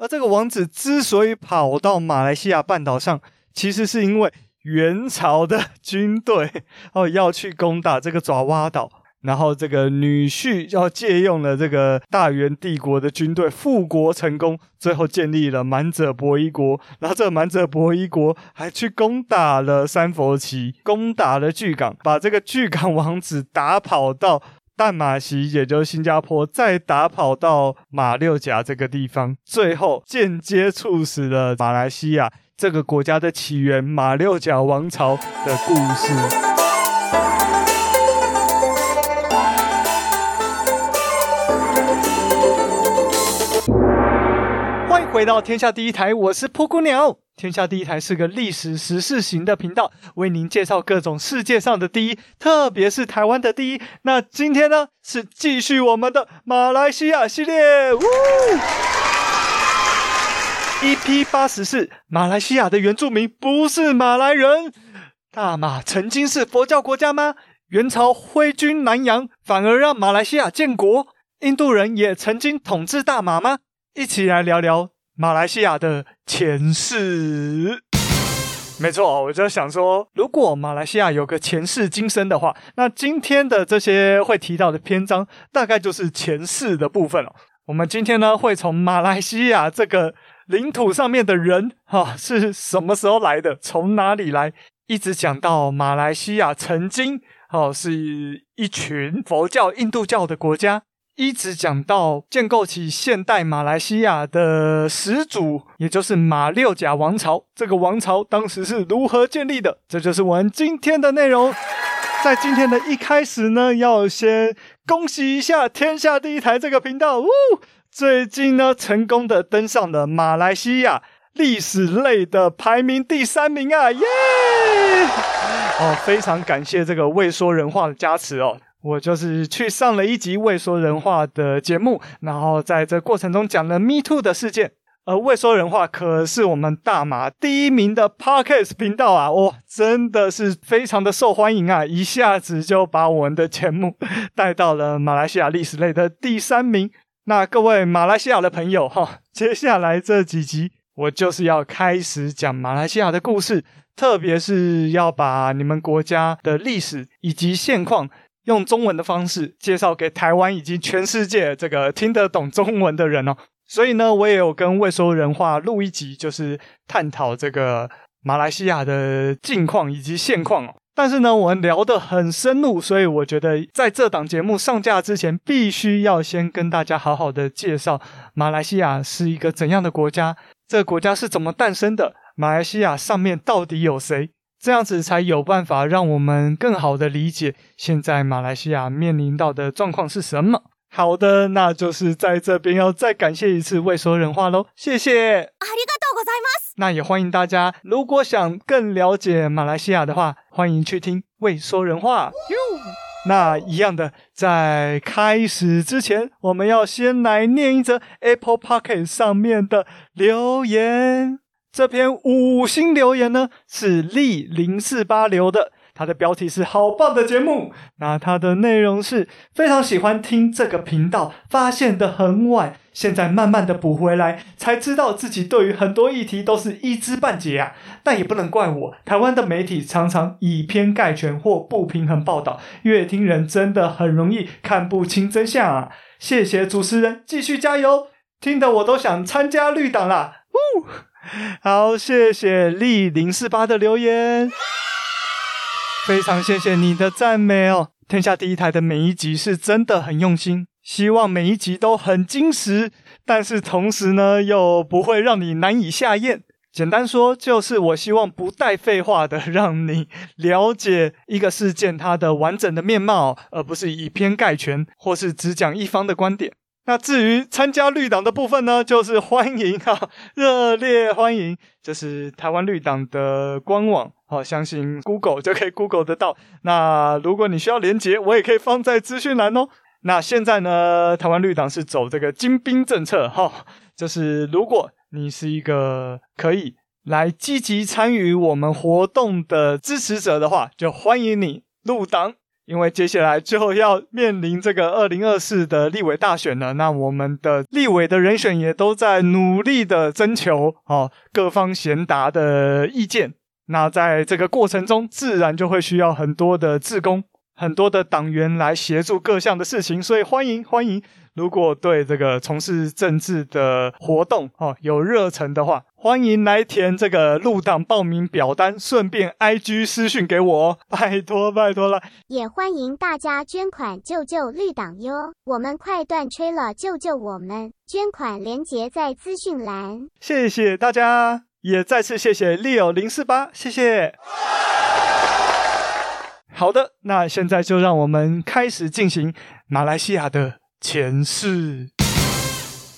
而這個王子之所以跑到馬來西亞半島上，其實是因為元朝的軍隊哦要去攻打這個爪哇島，然後這個女婿要借用了這個大元帝國的軍隊復國成功，最後建立了滿者伯夷國。然後這個滿者伯夷國還去攻打了三佛齊，攻打了巨港，把這個巨港王子打跑到淡馬錫，也就是新加坡，再打跑到馬六甲這個地方，最後間接促使了馬來西亞這個國家的起源——馬六甲王朝的故事。歡迎回到天下第一台，我是噗咕鳥。天下第一台是個歷史時事型的頻道，為您介紹各種世界上的第一，特別是台灣的第一。那今天呢，是繼續我們的馬來西亞系列。嗚！EP 八十四，馬來西亞的原住民不是馬來人？大馬曾經是佛教國家嗎？元朝揮軍南洋，反而讓馬來西亞建國？印度人也曾經統治大馬嗎？一起來聊聊。馬來西亞的前世，沒錯，我就想說，如果馬來西亞有個前世今生的話，那今天的這些會提到的篇章，大概就是前世的部分了，哦。我們今天呢，會從馬來西亞這個領土上面的人哈，哦，是什麼時候來的，從哪裡來，一直講到馬來西亞曾經，哦，是一群佛教、印度教的國家。一直講到建構起現代馬來西亞的始祖，也就是馬六甲王朝。這個王朝當時是如何建立的？這就是我們今天的內容。在今天的一開始呢，要先恭喜一下天下第一台這個頻道哦，最近呢成功的登上了馬來西亞歷史類的排名第三名啊，耶！哦，非常感謝這個未說人話的加持哦。我就是去上了一集《未說人話》的節目，然後在這過程中講了 Me Too 的事件。而《未說人話》可是我們大馬第一名的 Podcast 頻道啊，哇、哦，真的是非常的受歡迎啊！一下子就把我們的節目帶到了馬來西亞歷史類的第三名。那各位馬來西亞的朋友哈，接下來這幾集我就是要開始講馬來西亞的故事，特別是要把你們國家的歷史以及現況。用中文的方式介紹給台灣以及全世界這個聽得懂中文的人哦，所以呢，我也有跟未說人話錄一集，就是探討這個馬來西亞的近況以及現況哦。但是呢，我們聊得很深入，所以我覺得在這檔節目上架之前，必須要先跟大家好好的介紹馬來西亞是一個怎樣的國家，這個國家是怎麼誕生的，馬來西亞上面到底有誰。這樣子才有辦法讓我們更好的理解現在馬來西亞面臨到的狀況是什麼？好的，那就是在這邊要再感謝一次未說人話嘍，謝謝。那也歡迎大家，如果想更了解馬來西亞的話，歡迎去聽未說人話。You! 那一樣的，在開始之前，我們要先來念一則 Apple Podcast 上面的留言。這篇五星留言呢，是立零四八留的。它的標題是“好棒的節目”。那它的內容是非常喜歡聽這個頻道，發現得很晚，現在慢慢地補回來，才知道自己對於很多議題都是一知半解啊。但也不能怪我，台灣的媒體常常以偏概全或不平衡報道，閱聽人真的很容易看不清真相啊。謝謝主持人，繼續加油！聽得我都想參加綠黨啦。好，謝謝麗零四八的留言，非常謝謝你的讚美哦。天下第一台的每一集是真的很用心，希望每一集都很真實，但是同時呢，又不會讓你難以下嚥。簡單說，就是我希望不帶廢話的讓你了解一個事件它的完整的面貌，而不是以偏概全或是只講一方的觀點。那至於參加綠黨的部分呢，就是歡迎哈，熱烈歡迎。這是就是台灣綠黨的官網，哈，相信 Google 就可以 Google 得到。那如果你需要連結，我也可以放在資訊欄哦。那現在呢，台灣綠黨是走這個精兵政策，哈，就是如果你是一個可以來積極參與我們活動的支持者的話，就歡迎你入黨。因為接下來最後要面臨這個二零二四的立委大選了，那我們的立委的人選也都在努力的徵求好、哦、各方賢達的意見，那在這個過程中，自然就會需要很多的志工。很多的黨員來協助各項的事情，所以歡迎歡迎。如果對這個從事政治的活動哦有熱忱的話，歡迎來填這個入黨報名表單，順便 IG 私訊給我哦，拜託拜託了。也歡迎大家捐款救救綠黨喲，我們快斷炊了，救救我們！捐款連結在資訊欄。謝謝大家，也再次謝謝 Leo 零四八，謝謝。啊好的，那現在就讓我們開始進行馬來西亞的前世。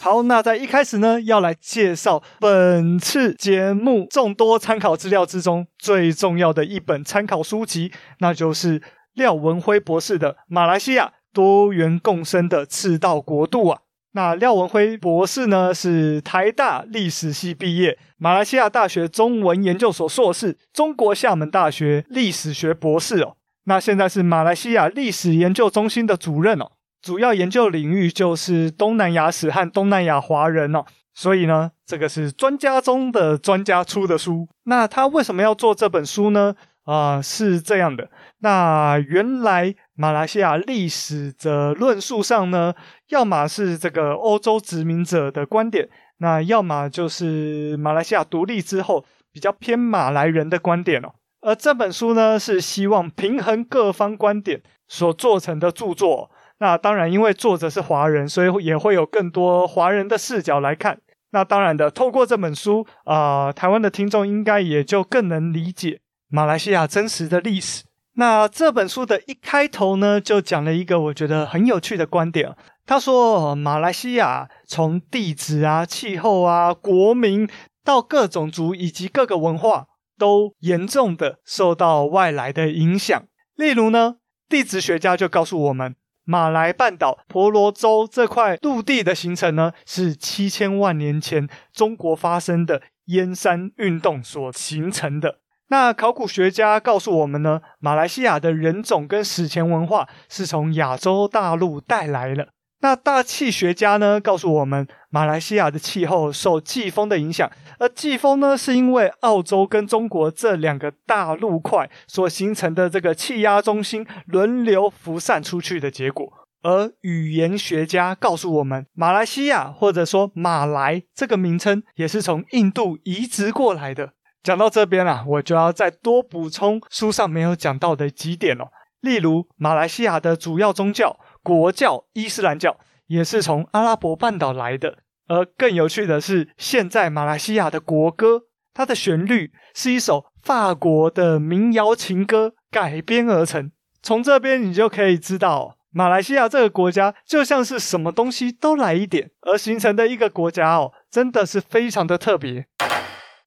好，那在一開始呢，要來介紹本次節目眾多參考資料之中最重要的一本參考書籍，那就是廖文輝博士的《馬來西亞多元共生的赤道國度》啊。那廖文輝博士呢，是台大歷史系畢業，馬來西亞大學中文研究所碩士，中國廈門大學歷史學博士哦。那現在是馬來西亞歷史研究中心的主任哦，主要研究領域就是東南亞史和東南亞華人哦，所以呢，這個是專家中的專家出的書。那他為什麼要做這本書呢？啊、呃，是這樣的，那原來馬來西亞歷史的論述上呢，要麼是這個歐洲殖民者的觀點，那要麼就是馬來西亞獨立之後比較偏馬來人的觀點哦。而這本書呢，是希望平衡各方觀點所做成的著作。那當然，因為作者是華人，所以也會有更多華人的視角來看。那當然的，透過這本書，啊、呃，台灣的聽眾應該也就更能理解馬來西亞真實的歷史。那這本書的一開頭呢，就講了一個我覺得很有趣的觀點。他說，馬來西亞從地質啊、氣候啊、國民到各種族以及各個文化。都嚴重的受到外來的影響，例如呢，地質學家就告訴我們，馬來半島、婆羅洲這塊陸地的形成呢，是七千萬年前中國發生的燕山運動所形成的。那考古學家告訴我們呢，馬來西亞的人種跟史前文化是從亞洲大陸帶來了。那大氣學家呢告訴我們，馬來西亞的氣候受季風的影響，而季風呢是因為澳洲跟中國這兩個大陸塊所形成的這個氣壓中心輪流輻散出去的結果。而語言學家告訴我們，馬來西亞或者說馬來這個名稱也是從印度移植過來的。講到這邊啊，我就要再多補充書上沒有講到的幾點了，哦，例如馬來西亞的主要宗教。國教伊斯蘭教也是從阿拉伯半島來的，而更有趣的是，現在馬來西亞的國歌，它的旋律是一首法國的民謠情歌改編而成。從這邊你就可以知道哦，馬來西亞這個國家就像是什麼東西都來一點而形成的一個國家哦，真的是非常的特別。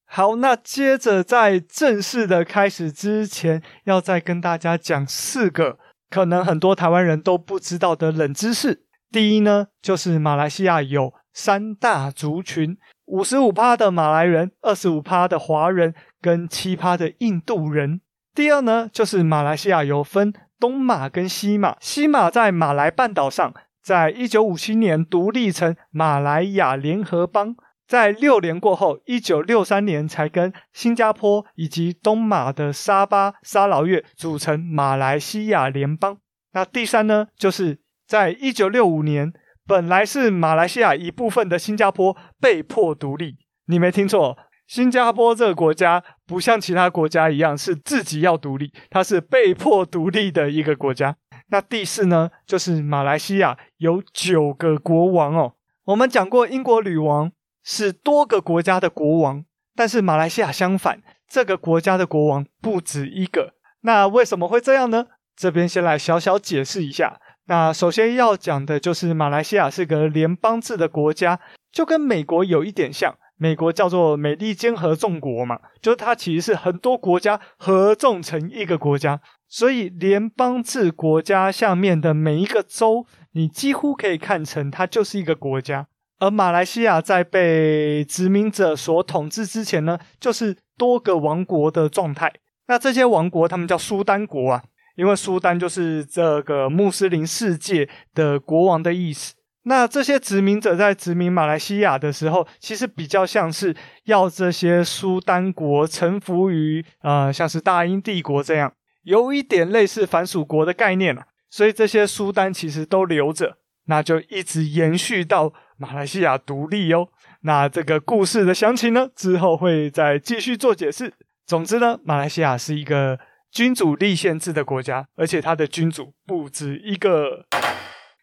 好，那接着在正式的開始之前，要再跟大家講四個。可能很多台灣人都不知道的冷知識，第一呢，就是馬來西亞有三大族群，五十五趴的馬來人，二十五趴的華人，跟七趴的印度人。第二呢，就是馬來西亞有分東馬跟西馬，西馬在馬來半島上，在一九五七年獨立成馬來亞聯合邦。在六年過後，一九六三年才跟新加坡以及東馬的沙巴、沙勞越組成馬來西亞聯邦。那第三呢，就是在一九六五年，本來是馬來西亞一部分的新加坡被迫獨立。你沒聽錯，新加坡這個國家不像其他國家一樣是自己要獨立，它是被迫獨立的一個國家。那第四呢，就是馬來西亞有九個國王哦。我們講過英國女王。是多個國家的國王，但是馬來西亞相反，這個國家的國王不止一個。那為什麼會這樣呢？這邊先來小小解釋一下。那首先要講的就是馬來西亞是個聯邦制的國家，就跟美國有一點像。美國叫做美利堅合眾國嘛，就是它其實是很多國家合眾成一個國家。所以聯邦制國家下面的每一個州，你幾乎可以看成它就是一個國家。而馬來西亞在被殖民者所統治之前呢，就是多個王國的狀態。那這些王國，他們叫蘇丹國啊，因為蘇丹就是這個穆斯林世界的國王的意思。那這些殖民者在殖民馬來西亞的時候，其實比較像是要這些蘇丹國臣服於呃，像是大英帝國這樣，有一點類似藩屬國的概念啊。所以這些蘇丹其實都留着，那就一直延續到。馬來西亞獨立喲、哦，那這個故事的詳情呢，之後會再繼續做解釋。總之呢，馬來西亞是一個君主立憲制的國家，而且它的君主不止一個。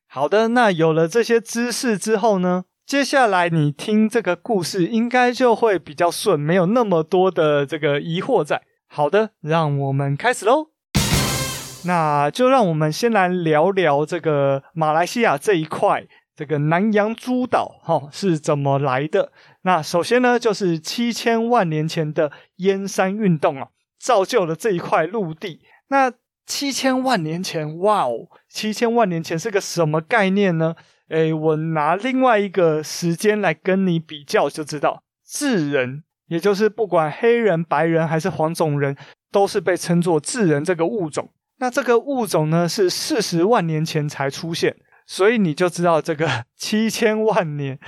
好的，那有了這些知識之後呢，接下來你聽這個故事應該就會比較順，沒有那麼多的這個疑惑在。好的，讓我們開始嘍。那就讓我們先來聊聊這個馬來西亞這一塊。這個南洋諸島哈，哦，是怎麼來的？那首先呢，就是七千萬年前的燕山運動啊，造就了這一塊陸地。那七千萬年前，哇哦，七千萬年前是個什麼概念呢？誒，我拿另外一個時間來跟你比較就知道，智人，也就是不管黑人、白人還是黃種人，都是被稱作智人這個物種。那這個物種呢，是四十萬年前才出現。所以你就知道這個七千萬年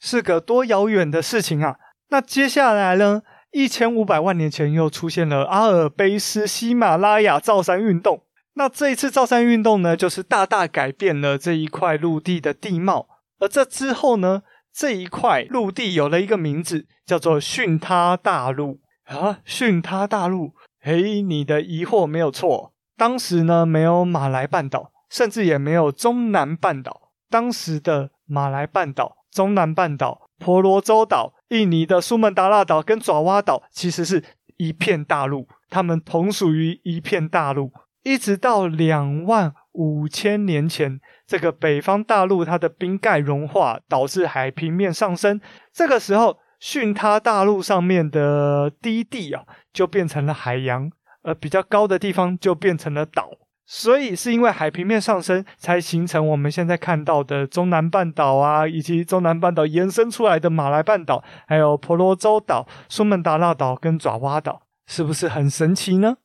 是個多遙遠的事情啊！那接下來呢，一千五百萬年前又出現了阿爾卑斯喜馬拉雅造山運動。那這一次造山運動呢，就是大大改變了這一塊陸地的地貌。而這之後呢，這一塊陸地有了一個名字，叫做巽他大陸啊！巽他大陸，誒，你的疑惑沒有錯，當時呢沒有馬來半島。甚至也沒有中南半島，當時的馬來半島、中南半島、婆羅洲島、印尼的蘇門答臘島跟爪哇島，其實是一片大陸，它們同屬於一片大陸。一直到兩萬五千年前，這個北方大陸它的冰蓋融化，導致海平面上升，這個時候巽他大陸上面的低地啊，就變成了海洋，而比較高的地方就變成了島。所以是因為海平面上升，才形成我們現在看到的中南半島啊，以及中南半島延伸出來的馬來半島，還有婆羅洲島、蘇門答臘島跟爪哇島，是不是很神奇呢？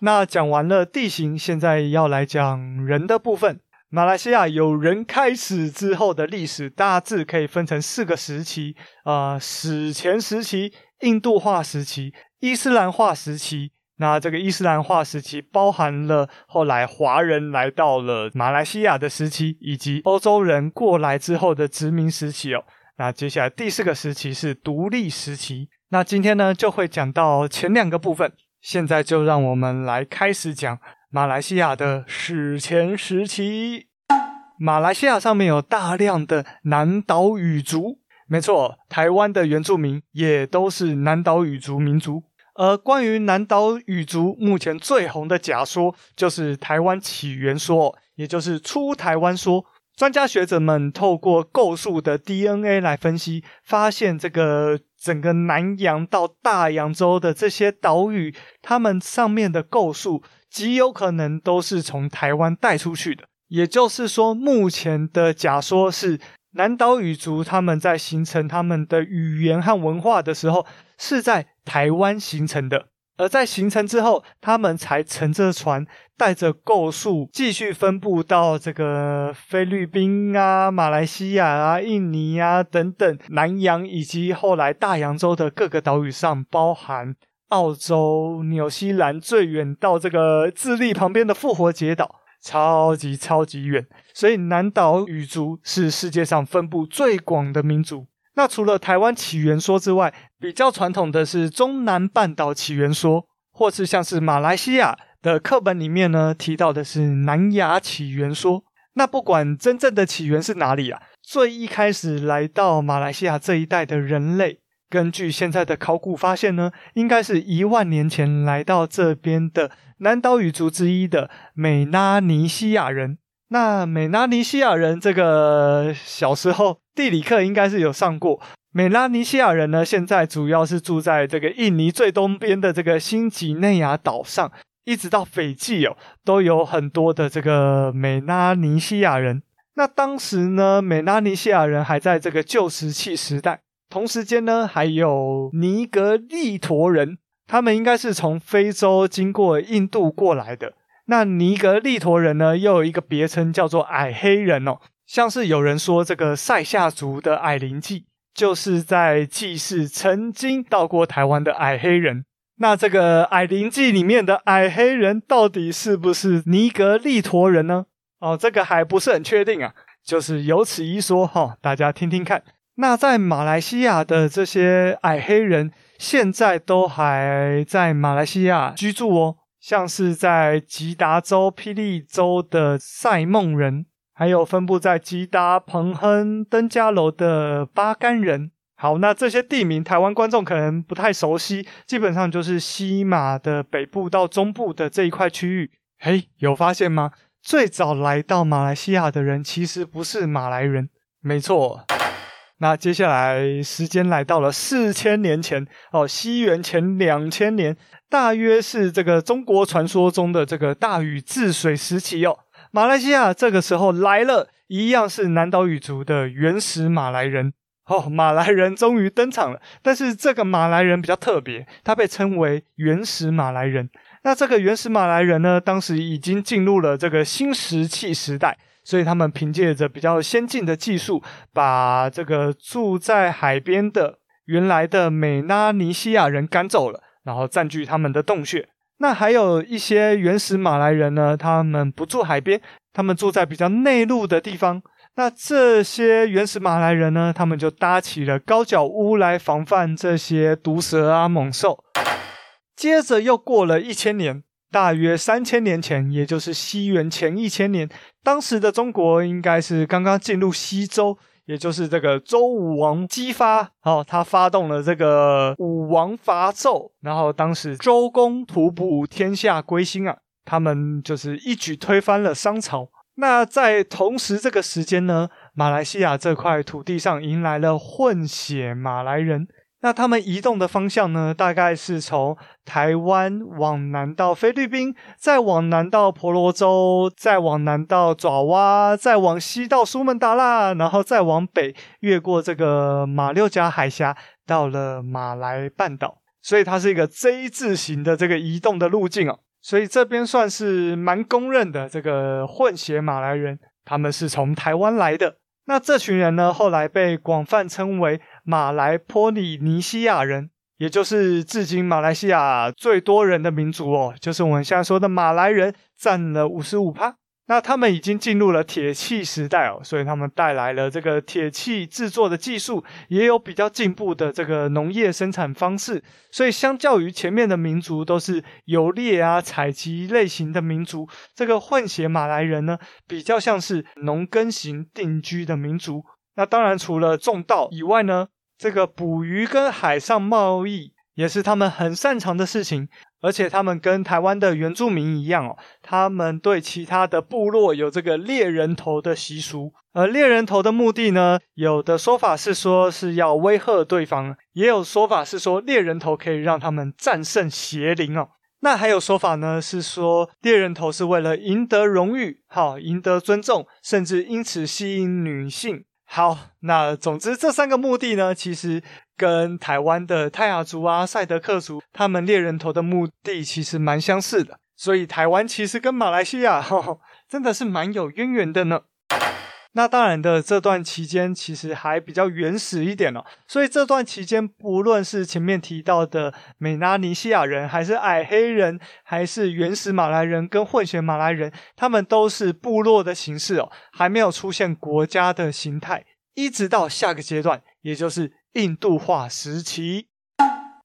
那講完了地形，現在要來講人的部分。馬來西亞有人開始之後的歷史，大致可以分成四個時期啊，呃，史前時期、印度化時期、伊斯蘭化時期。那這個伊斯蘭化時期包含了後來華人來到了馬來西亞的時期，以及歐洲人過來之後的殖民時期哦。那接下來第四個時期是獨立時期。那今天呢就會講到前兩個部分。現在就讓我們來開始講馬來西亞的史前時期。馬來西亞上面有大量的南島語族，沒錯，台灣的原住民也都是南島語族民族。而關於南島語族目前最紅的假說，就是台灣起源說，也就是出台灣說。專家學者們透過構樹的 DNA 來分析，發現這個整個南洋到大洋洲的這些島嶼，它們上面的構樹極有可能都是從台灣帶出去的。也就是說，目前的假說是南島語族他們在形成他們的語言和文化的時候，是在。台灣形成的，而在形成之後，他們才乘着船帶著，帶着構樹繼續分布到這個菲律賓啊、馬來西亞啊、印尼啊等等南洋，以及後來大洋洲的各個島嶼上，包含澳洲、紐西蘭，最遠到這個智利旁邊的復活節島，超級超級遠。所以，南島語族是世界上分布最廣的民族。那除了台灣起源說之外，比較傳統的是中南半島起源說，或是像是馬來西亞的課本裡面呢，提到的是南亞起源說。那不管真正的起源是哪裡啊，最一開始來到馬來西亞這一帶的人類，根據現在的考古發現呢，應該是一萬年前來到這邊的南島語族之一的美拉尼西亞人。那美拉尼西亞人這個小時候。地理課應該是有上過。美拉尼西亞人呢，現在主要是住在這個印尼最東邊的這個新幾內亞島上，一直到斐濟哦，都有很多的這個美拉尼西亞人。那當時呢，美拉尼西亞人還在這個舊石器時代，同時間呢，還有尼格利陀人，他們應該是從非洲經過印度過來的。那尼格利陀人呢，又有一個別稱叫做矮黑人哦。像是有人說，這個賽夏族的矮靈祭，就是在祭祀曾經到過台灣的矮黑人。那這個矮靈祭裡面的矮黑人，到底是不是尼格利陀人呢？哦，這個還不是很確定啊，就是有此一說哈，大家聽聽看。那在馬來西亞的這些矮黑人，現在都還在馬來西亞居住哦，像是在吉達州、霹靂州的塞夢人。還有分布在吉達、彭亨、登嘉樓的巴干人。好，那這些地名，台灣觀眾可能不太熟悉，基本上就是西馬的北部到中部的這一塊區域。嘿，有發現嗎？最早來到馬來西亞的人，其實不是馬來人。沒錯。那接下來時間來到了四千年前哦，西元前兩千年，大約是這個中國傳說中的這個大禹治水時期哦。馬來西亞這個時候來了，一樣是南島語族的原始馬來人。哦，馬來人終於登場了，但是這個馬來人比較特別，他被稱為原始馬來人。那這個原始馬來人呢，當時已經進入了這個新石器時代，所以他們憑借着比較先進的技術，把這個住在海邊的原來的美拉尼西亞人趕走了，然後佔據他們的洞穴。那還有一些原始馬來人呢，他們不住海邊，他們住在比較內陸的地方。那這些原始馬來人呢，他們就搭起了高腳屋來防範這些毒蛇啊猛獸。接着又過了一千年，大約三千年前，也就是西元前一千年，當時的中國應該是剛剛進入西周。也就是這個周武王姬發，哦，他發動了這個武王伐紂，然後當時周公吐哺天下歸心啊，他們就是一舉推翻了商朝。那在同時這個時間呢，馬來西亞這塊土地上迎來了混血馬來人。那他們移動的方向呢？大概是從台灣往南到菲律賓，再往南到婆羅洲，再往南到爪哇，再往西到蘇門答臘，然後再往北越過這個馬六甲海峽，到了馬來半島。所以它是一個 Z 字形的這個移動的路徑哦。所以這邊算是蠻公認的，這個混血馬來人，他們是從台灣來的。那這群人呢，後來被廣泛稱為馬來波利尼西亞人，也就是至今馬來西亞最多人的民族哦，就是我們現在說的馬來人，占了五十五趴。那他們已經進入了鐵器時代哦，所以他們帶來了這個鐵器製作的技術，也有比較進步的這個農業生產方式。所以相較於前面的民族都是遊獵啊、採集類型的民族，這個混血馬來人呢，比較像是農耕型定居的民族。那當然，除了種稻以外呢。這個捕魚跟海上貿易也是他們很擅長的事情，而且他們跟台灣的原住民一樣哦，他們對其他的部落有這個獵人頭的習俗。而獵人頭的目的呢，有的說法是說是要威嚇對方，也有說法是說獵人頭可以讓他們戰勝邪靈哦。那還有說法呢，是說獵人頭是為了贏得榮譽，好贏得尊重，甚至因此吸引女性。好，那總之這三個目的呢，其實跟台灣的泰雅族啊、賽德克族他們獵人頭的目的其實蠻相似的，所以台灣其實跟馬來西亞，哦，真的是蠻有淵源的呢。那當然的，這段期間其實還比較原始一點哦，所以這段期間不論是前面提到的美拉尼西亞人，還是矮黑人，還是原始馬來人跟混血馬來人，他們都是部落的形式哦，還沒有出現國家的形態，一直到下個階段，也就是印度化時期。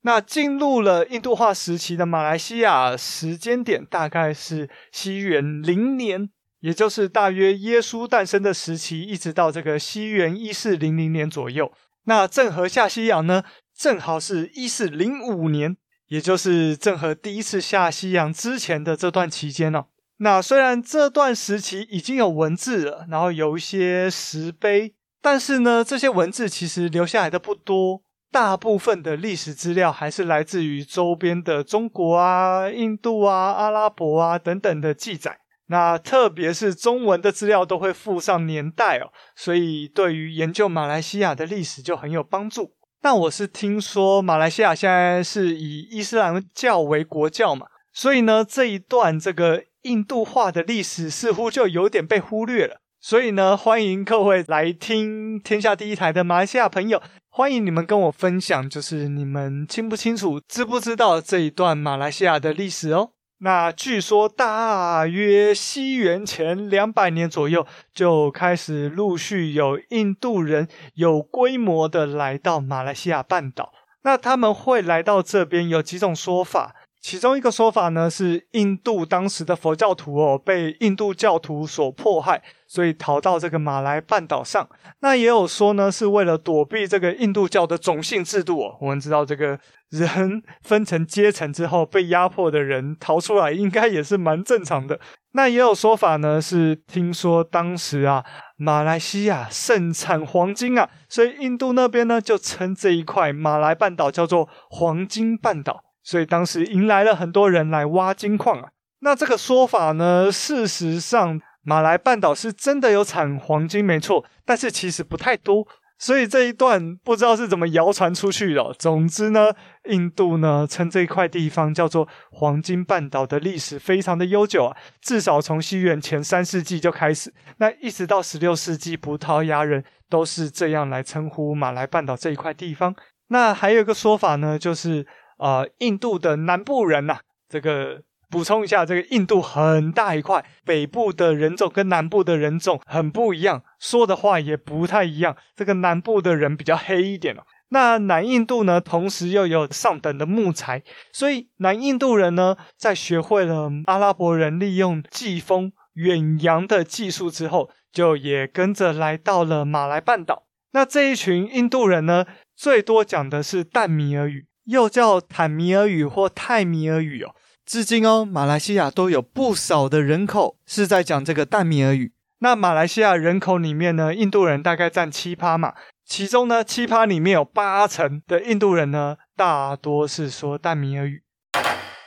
那進入了印度化時期的馬來西亞時間點大概是西元零年。也就是大約耶穌誕生的時期，一直到這個西元一四零零年左右。那鄭和下西洋呢，正好是一四零五年，也就是鄭和第一次下西洋之前的這段期間呢哦。那雖然這段時期已經有文字了，然後有一些石碑，但是呢，這些文字其實留下來的不多，大部分的歷史資料還是來自於周邊的中國啊、印度啊、阿拉伯啊等等的記載。那特別是中文的資料都會附上年代哦，所以對於研究馬來西亞的歷史就很有幫助。但我是聽說馬來西亞現在是以伊斯蘭教為國教嘛，所以呢，這一段這個印度化的歷史似乎就有點被忽略了。所以呢，歡迎各位來聽天下第一台的馬來西亞朋友，歡迎你們跟我分享，就是你們清不清楚、知不知道這一段馬來西亞的歷史哦。那據說，大約西元前兩百年左右，就開始陸續有印度人有規模的來到馬來西亞半島。那他們會來到這邊，有幾種說法。其中一個說法呢，是印度當時的佛教徒哦，被印度教徒所迫害，所以逃到這個馬來半島上。那也有說呢，是為了躲避這個印度教的種姓制度哦，我們知道，這個人分成階層之後，被壓迫的人逃出來，應該也是蠻正常的。那也有說法呢，是聽說當時啊，馬來西亞盛產黃金啊，所以印度那邊呢，就稱這一塊馬來半島叫做黃金半島。所以當時迎來了很多人來挖金礦啊。那這個說法呢，事實上，馬來半島是真的有產黃金，沒錯，但是其實不太多。所以這一段不知道是怎麼謠傳出去的。總之呢，印度呢稱這一塊地方叫做“黃金半島”的歷史非常的悠久啊，至少從西元前三世紀就開始，那一直到十六世紀，葡萄牙人都是這樣來稱呼馬來半島這一塊地方。那還有一個說法呢，就是。啊、呃，印度的南部人吶、啊，這個補充一下，這個印度很大一塊，北部的人種跟南部的人種很不一樣，說的話也不太一樣。這個南部的人比較黑一點哦、啊。那南印度呢，同時又有上等的木材，所以南印度人呢，在學會了阿拉伯人利用季風遠洋的技術之後，就也跟着來到了馬來半島。那這一群印度人呢，最多講的是淡米爾語。又叫坦米爾語或泰米爾語哦，至今哦，馬來西亞都有不少的人口是在講這個淡米爾語。那馬來西亞人口裡面呢，印度人大概占七趴嘛，其中呢，七趴裡面有八成的印度人呢，大多是說淡米爾語。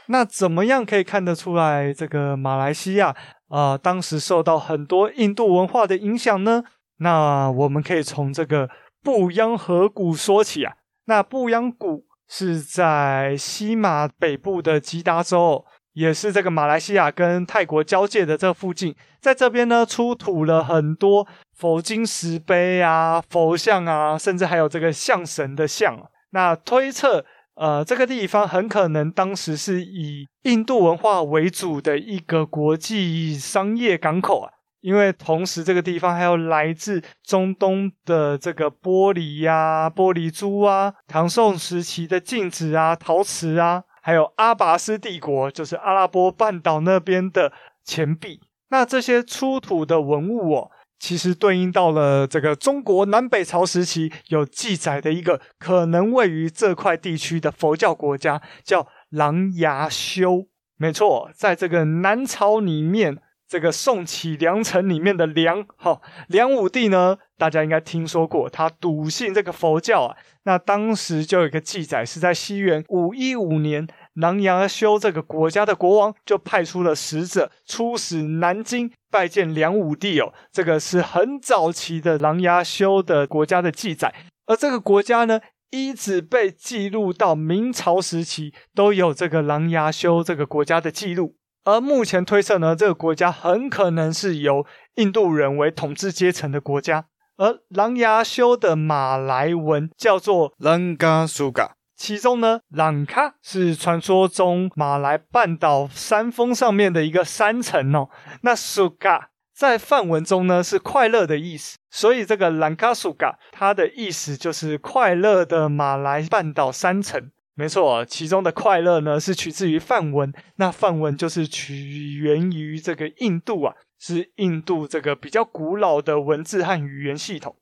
那怎麼樣可以看得出來這個馬來西亞啊，呃，當時受到很多印度文化的影響呢？那我們可以從這個布央河谷說起啊，那布央谷。是在西馬北部的吉達州，也是這個馬來西亞跟泰國交界的這附近，在這邊呢，出土了很多佛經石碑啊、佛像啊，甚至還有這個象神的像。那推測，呃，這個地方很可能當時是以印度文化為主的一個國際商業港口啊。因為同時，這個地方還有來自中東的這個玻璃呀、啊、玻璃珠啊、唐宋時期的鏡子啊、陶瓷啊，還有阿拔斯帝國，就是阿拉伯半島那邊的錢幣。那這些出土的文物，哦，其實對應到了這個中國南北朝時期有記載的一個可能位於這塊地區的佛教國家，叫狼牙修。沒錯，在這個南朝裡面。這個宋齊梁陳裡面的梁哈、哦、梁武帝呢，大家應該聽說過，他篤信這個佛教啊。那當時就有一個記載，是在西元五一五年，狼牙修這個國家的國王就派出了使者出使南京拜見梁武帝哦。這個是很早期的狼牙修的國家的記載，而這個國家呢，一直被記錄到明朝時期都有這個狼牙修這個國家的記錄。而目前推測呢，這個國家很可能是由印度人為統治階層的國家。而狼牙修的馬來文叫做 Langkasuka，其中呢，Langka 是傳說中馬來半島山峰上面的一個山城哦。那 Suka 在梵文中呢是快樂的意思，所以這個 Langkasuka 它的意思就是快樂的馬來半島山城。沒錯，其中的快樂呢是取自於梵文，那梵文就是起源於這個印度啊，是印度這個比較古老的文字和語言系統。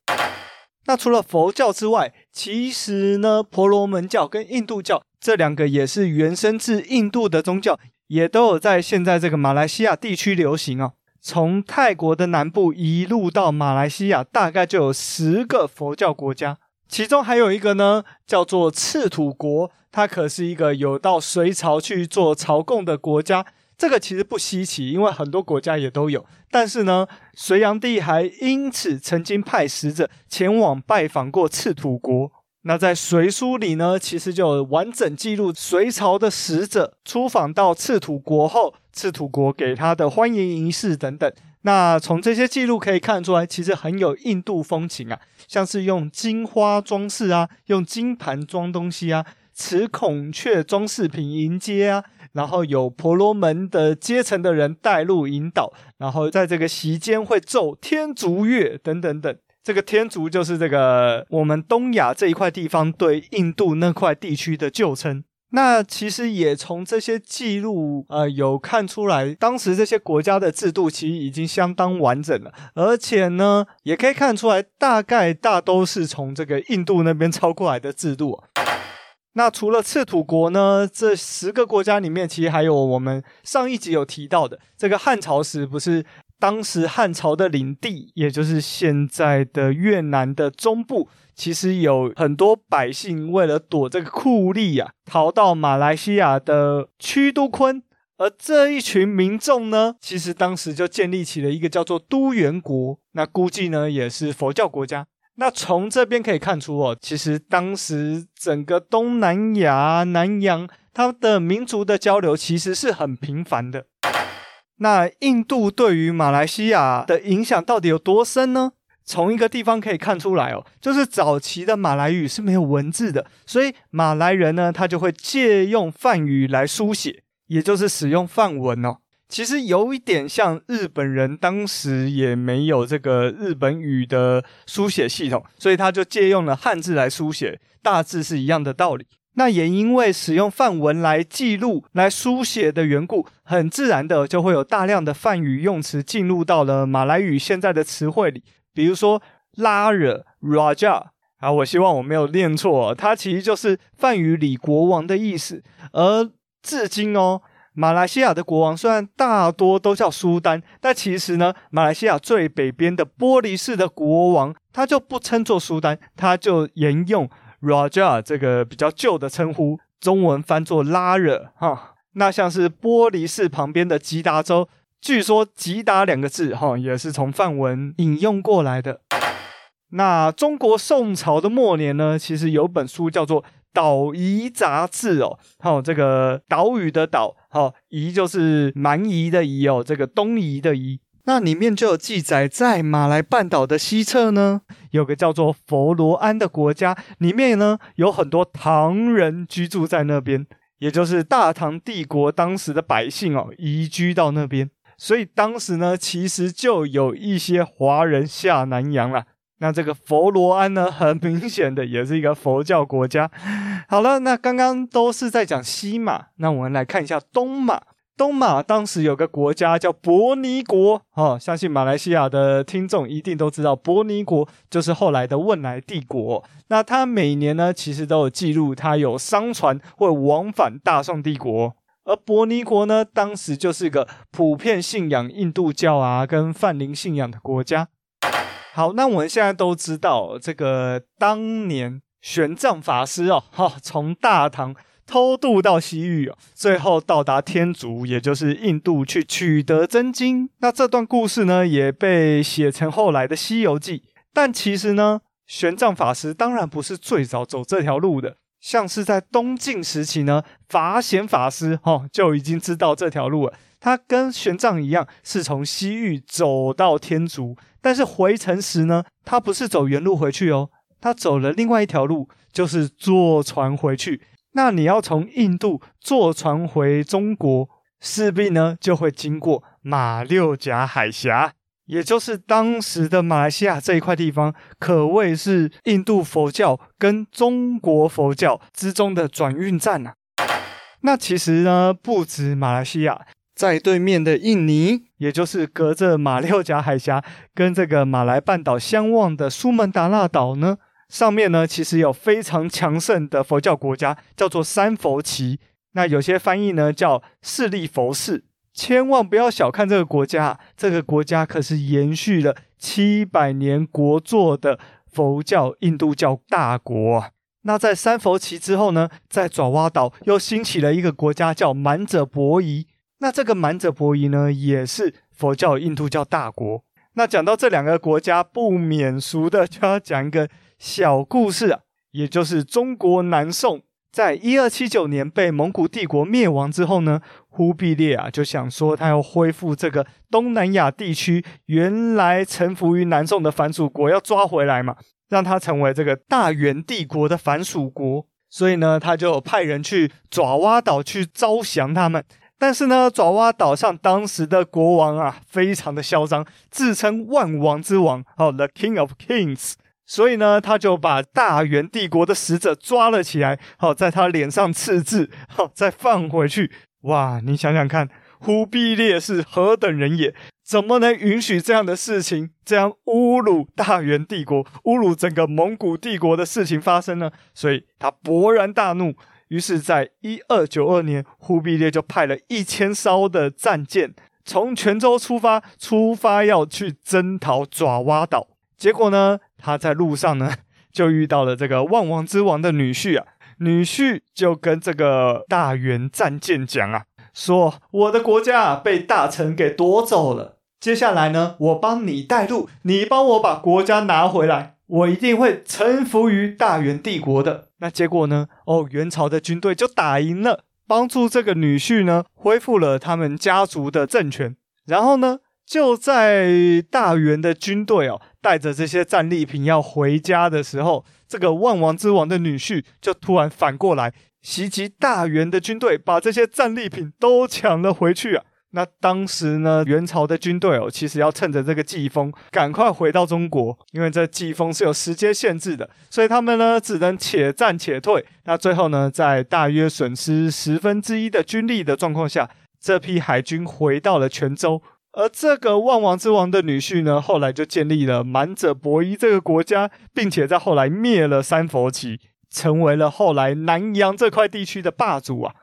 那除了佛教之外，其實呢婆羅門教跟印度教這兩個也是原生自印度的宗教，也都有在現在這個馬來西亞地區流行啊、哦。從泰國的南部一路到馬來西亞，大概就有十個佛教國家，其中還有一個呢叫做赤土國。他可是一個有到隋朝去做朝貢的國家，這個其實不稀奇，因為很多國家也都有。但是呢，隋煬帝還因此曾經派使者前往拜訪過赤土國。那在《隋書》裡呢，其實就有完整記錄隋朝的使者出訪到赤土國後，赤土國給他的歡迎儀式等等。那從這些記錄可以看出來，其實很有印度風情啊，像是用金花裝飾啊，用金盤裝東西啊。持孔雀裝飾品迎接啊，然後有婆羅門的階層的人帶路引導，然後在這個席間會奏天竺樂等等等。這個天竺就是這個我們東亞這一塊地方對印度那塊地區的舊稱。那其實也從這些記錄呃有看出來，當時這些國家的制度其實已經相當完整了，而且呢也可以看出來，大概大都是從這個印度那邊抄過來的制度啊。那除了赤土國呢？這十個國家裡面，其實還有我們上一集有提到的這個漢朝時，不是當時漢朝的領地，也就是現在的越南的中部，其實有很多百姓為了躲這個酷吏呀，逃到馬來西亞的屈都昆，而這一群民眾呢，其實當時就建立起了一個叫做都元國。那估計呢，也是佛教國家。那從這邊可以看出哦，其實當時整個東南亞、南洋，它的民族的交流其實是很頻繁的。那印度對於馬來西亞的影響到底有多深呢？從一個地方可以看出來哦，就是早期的馬來語是沒有文字的，所以馬來人呢，他就會借用梵語來書寫，也就是使用梵文哦。其實有一點像日本人，當時也沒有這個日本語的書寫系統，所以他就借用了漢字來書寫，大致是一樣的道理。那也因為使用范文來記錄、來書寫的緣故，很自然的就會有大量的范語用詞進入到了馬來語現在的詞彙裡。比如說拉惹拉 a 啊，我希望我沒有念錯，哦，它其實就是梵語裡國王的意思。而至今哦。馬來西亞的國王雖然大多都叫蘇丹，但其實呢，馬來西亞最北邊的玻璃市的國王，他就不稱作蘇丹，他就沿用 Raja 這個比較舊的稱呼，中文翻作拉惹哈。那像是玻璃市旁邊的吉達州，據説“吉達”兩個字哈，也是從梵文引用過來的。那中國宋朝的末年呢，其實有本書叫做。島夷雜誌哦，還、哦、有這個島嶼的島，好、哦、夷就是蠻夷的夷哦，這個東夷的夷。那裡面就有記載，在馬來半島的西側呢，有個叫做佛羅安的國家，裡面呢有很多唐人居住在那邊，也就是大唐帝國當時的百姓哦，移居到那邊。所以當時呢，其實就有一些華人下南洋了。那這個佛羅安呢，很明顯的也是一個佛教國家。好了，那剛剛都是在講西馬，那我們來看一下東馬。東馬當時有個國家叫勃泥國，哦，相信馬來西亞的聽眾一定都知道，勃泥國就是後來的汶萊帝國。那他每年呢，其實都有記錄，他有商船會往返大宋帝國。而勃泥國呢，當時就是個普遍信仰印度教啊，跟泛靈信仰的國家。好，那我們現在都知道，這個當年。玄奘法師哦，哈、哦，從大唐偷渡到西域、哦，最後到達天竺，也就是印度，去取得真經。那這段故事呢，也被寫成後來的《西遊記》。但其實呢，玄奘法師當然不是最早走這條路的。像是在東晉時期呢，法顯法師哦，就已經知道這條路了。他跟玄奘一樣，是從西域走到天竺，但是回程時呢，他不是走原路回去哦。他走了另外一條路，就是坐船回去。那你要從印度坐船回中國，勢必呢就會經過馬六甲海峽，也就是當時的馬來西亞這一塊地方，可謂是印度佛教跟中國佛教之中的轉運站吶、啊。那其實呢，不止馬來西亞，在對面的印尼，也就是隔着馬六甲海峽跟這個馬來半島相望的蘇門答臘島呢。上面呢，其實有非常強盛的佛教國家，叫做三佛齊，那有些翻譯呢叫室利佛逝，千萬不要小看這個國家。這個國家可是延續了七百年國祚的佛教印度教大國。那在三佛齊之後呢，在爪哇島又興起了一個國家叫滿者伯夷。那這個滿者伯夷呢，也是佛教印度教大國。那講到這兩個國家不免俗的，就要講一個小故事啊，也就是中國南宋在一二七九年被蒙古帝國滅亡之後呢，忽必烈啊就想說他要恢復這個東南亞地區原來臣服於南宋的藩屬國要抓回來嘛，讓他成為這個大元帝國的藩屬國，所以呢，他就派人去爪哇島去招降他們，但是呢，爪哇島上當時的國王啊非常的囂張，自稱萬王之王哦，Oh, The King of Kings。所以呢，他就把大元帝國的使者抓了起來，好、哦，在他臉上刺字，好、哦，再放回去。哇，你想想看，忽必烈是何等人也，怎麼能允許這樣的事情，這樣侮辱大元帝國、侮辱整個蒙古帝國的事情發生呢？所以，他勃然大怒。於是，在一二九二年，忽必烈就派了一千艘的戰艦從泉州出發，出發要去征討爪哇島。結果呢？他在路上呢，就遇到了這個萬王之王的女婿啊，女婿就跟這個大元戰艦講啊，說我的國家被大臣給奪走了，接下來呢，我幫你帶路，你幫我把國家拿回來，我一定會臣服於大元帝國的。那結果呢？哦，元朝的軍隊就打贏了，幫助這個女婿呢恢復了他們家族的政權。然後呢，就在大元的軍隊哦。帶着這些戰利品要回家的時候，這個萬王之王的女婿就突然反過來襲擊大元的軍隊，把這些戰利品都搶了回去啊！那當時呢，元朝的軍隊哦，其實要趁着這個季風趕快回到中國，因為這季風是有時間限制的，所以他們呢只能且戰且退。那最後呢，在大約損失十分之一的軍力的狀況下，這批海軍回到了泉州。而這個萬王之王的女婿呢，後來就建立了滿者伯夷這個國家，並且在後來滅了三佛齊，成為了後來南洋這塊地區的霸主啊。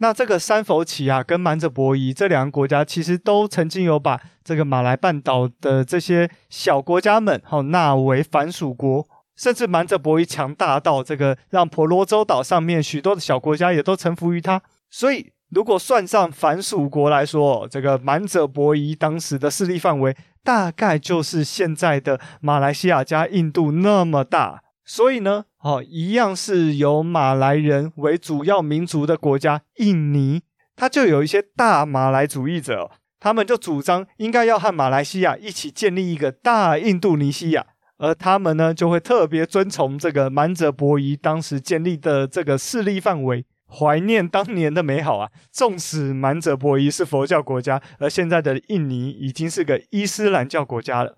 那這個三佛齊啊，跟滿者伯夷這兩個國家，其實都曾經有把這個馬來半島的這些小國家們，好、哦、納為藩屬國，甚至滿者伯夷強大到這個讓婆羅洲島上面許多的小國家也都臣服於他，所以。如果算上藩屬國來說，這個滿者伯夷當時的勢力範圍大概就是現在的馬來西亞加印度那麼大，所以呢，哦，一樣是由馬來人為主要民族的國家，印尼，它就有一些大馬來主義者，他們就主張應該要和馬來西亞一起建立一個大印度尼西亞，而他們呢就會特別遵從這個滿者伯夷當時建立的這個勢力範圍。懷念當年的美好啊！縱使滿者伯夷是佛教國家，而現在的印尼已經是個伊斯蘭教國家了。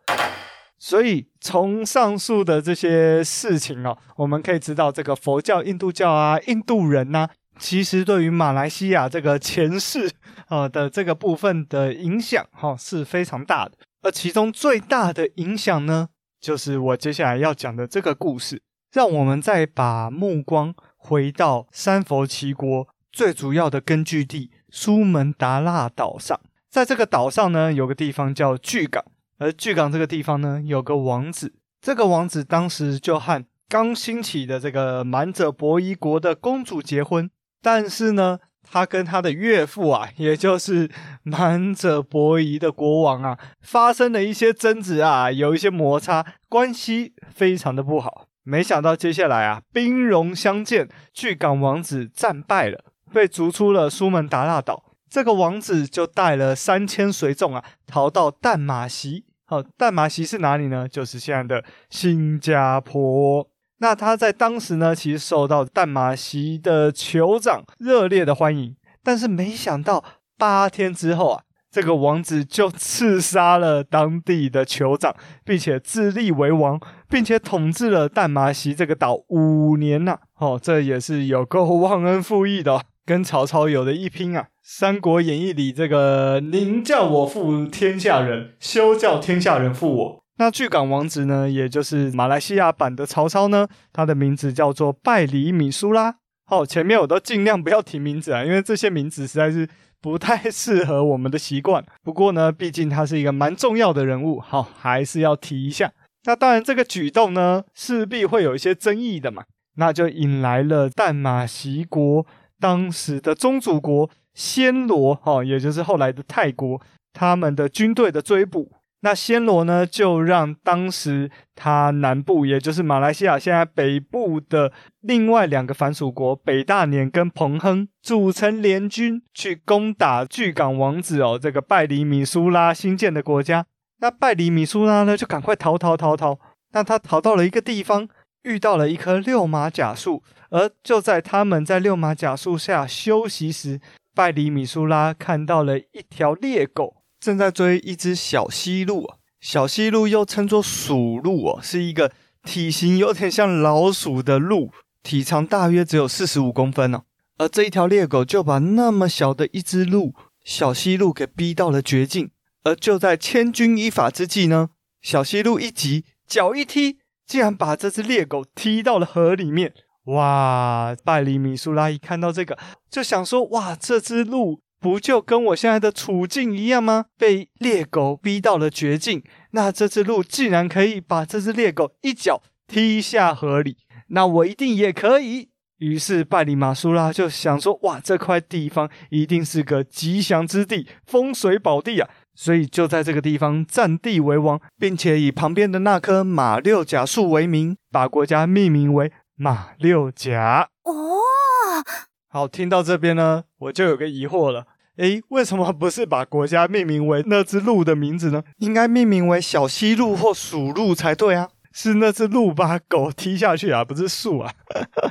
所以從上述的這些事情哦，我們可以知道，這個佛教、印度教啊，印度人啊，其實對於馬來西亞這個前世啊的這個部分的影響哈是非常大的。而其中最大的影響呢，就是我接下來要講的這個故事。讓我們再把目光。回到三佛齊國最主要的根據地蘇門答臘島上，在這個島上呢，有個地方叫巨港，而巨港這個地方呢，有個王子。這個王子當時就和剛興起的這個滿者伯夷國的公主結婚，但是呢，他跟他的岳父啊，也就是滿者伯夷的國王啊，發生了一些爭執啊，有一些摩擦，關係非常的不好。沒想到接下來啊，兵戎相見，巨港王子戰敗了，被逐出了蘇門答臘島。這個王子就帶了三千隨眾啊，逃到淡馬錫。好、哦，淡馬錫是哪裡呢？就是現在的新加坡。那他在當時呢，其實受到淡馬錫的酋長熱烈的歡迎。但是沒想到八天之後啊。這個王子就刺殺了當地的酋長，並且自立為王，並且統治了淡馬錫這個島五年啊，哦，這也是有夠忘恩負義的、哦，跟曹操有的一拼啊！《三國演義》裡這個“寧叫我負天下人，休叫天下人負我”。那巨港王子呢，也就是馬來西亞版的曹操呢，他的名字叫做拜里米蘇拉。哦，前面我都儘量不要提名字啊，因為這些名字實在是。不太適合我們的習慣，不過呢，畢竟他是一個蠻重要的人物，好、哦，還是要提一下。那當然，這個舉動呢，勢必會有一些爭議的嘛，那就引來了淡馬錫國當時的宗主國暹羅，哈、哦，也就是後來的泰國，他們的軍隊的追捕。那暹羅呢，就讓當時他南部，也就是馬來西亞現在北部的另外兩個藩屬國北大年跟彭亨組成聯軍去攻打巨港王子哦，這個拜里米蘇拉新建的國家。那拜里米蘇拉呢，就趕快逃逃逃逃逃，那他逃到了一個地方，遇到了一棵六馬甲樹。而就在他們在六馬甲樹下休息時，拜里米蘇拉看到了一條獵狗。正在追一隻小犀鹿，小犀鹿又稱作鼠鹿哦，是一個體型有點像老鼠的鹿，體長大約只有四十五公分呢。而這一條獵狗就把那麼小的一隻鹿，小犀鹿給逼到了絕境。而就在千鈞一發之際呢，小犀鹿一急，腳一踢，竟然把這隻獵狗踢到了河裡面。哇，拜里米蘇拉一看到這個，就想說：哇，這隻鹿！不就跟我現在的處境一樣嗎？被獵狗逼到了絕境，那這隻鹿竟然可以把這隻獵狗一腳踢下河裡，那我一定也可以。於是拜里馬蘇拉就想說，哇，這塊地方一定是個吉祥之地，風水寶地啊！所以就在這個地方占地為王，並且以旁邊的那棵馬六甲樹為名，把國家命名為馬六甲。哦。好，聽到這邊呢，我就有個疑惑了。誒，為什麼不是把國家命名為那只鹿的名字呢？應該命名為小西鹿或鼠鹿才對啊。是那只鹿把狗踢下去啊，不是樹啊。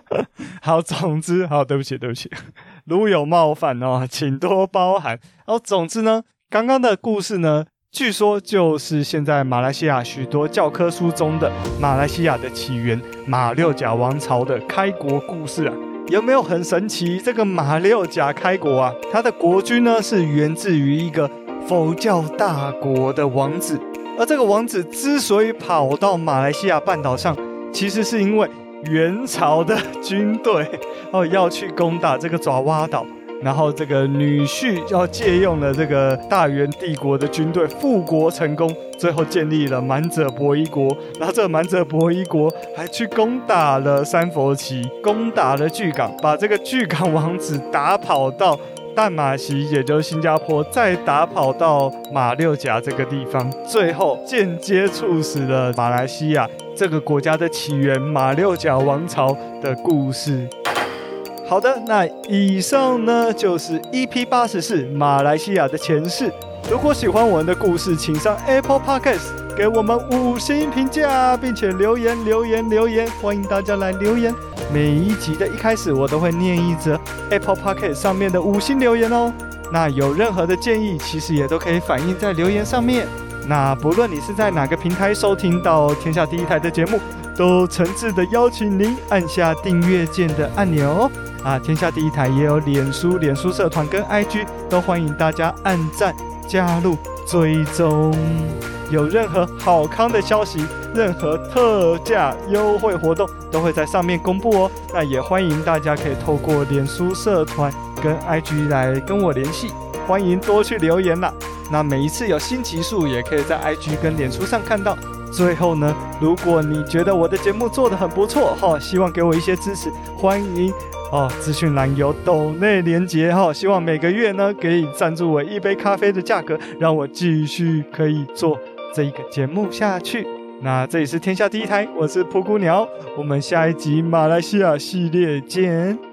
好，總之，好，對不起，對不起，如有冒犯哦，請多包涵。好、哦，總之呢，剛剛的故事呢，據說就是現在馬來西亞許多教科書中的馬來西亞的起源——馬六甲王朝的開國故事啊。有沒有很神奇？這個馬六甲開國啊，他的國君呢，是源自於一個佛教大國的王子，而這個王子之所以跑到馬來西亞半島上，其實是因為元朝的軍隊哦要去攻打這個爪哇島。然後這個女婿要借用了這個大元帝國的軍隊復國成功，最後建立了滿者伯夷國。然後這滿者伯夷國還去攻打了三佛齊，攻打了巨港，把這個巨港王子打跑到淡馬錫，也就是新加坡，再打跑到馬六甲這個地方，最後間接促使了馬來西亞這個國家的起源——馬六甲王朝的故事。好的，那以上呢就是 EP 八十四馬來西亞的前世。如果喜歡我們的故事，請上 Apple Podcast 給我們五星評價，並且留言留言留言，歡迎大家來留言。每一集的一開始，我都會念一則 Apple Podcast 上面的五星留言哦。那有任何的建議，其實也都可以反映在留言上面。那不論你是在哪個平台收聽到天下第一台的節目，都誠摯的邀請您按下訂閱鍵的按鈕哦。啊，天下第一台也有臉書、臉書社團跟 IG，都歡迎大家按讚、加入、追蹤。有任何好康的消息、任何特價優惠活動，都會在上面公布哦。那也歡迎大家可以透過臉書社團跟 IG 來跟我聯繫，歡迎多去留言啦。那每一次有新集數，也可以在 IG 跟臉書上看到。最後呢，如果你覺得我的節目做得很不錯哈、哦，希望給我一些支持，歡迎。哦，資訊欄有抖內鏈結哈、哦，希望每個月呢可以贊助我一杯咖啡的價格，讓我繼續可以做這一個節目下去。那這裡是天下第一台，我是噗咕鳥，我們下一集馬來西亞系列見。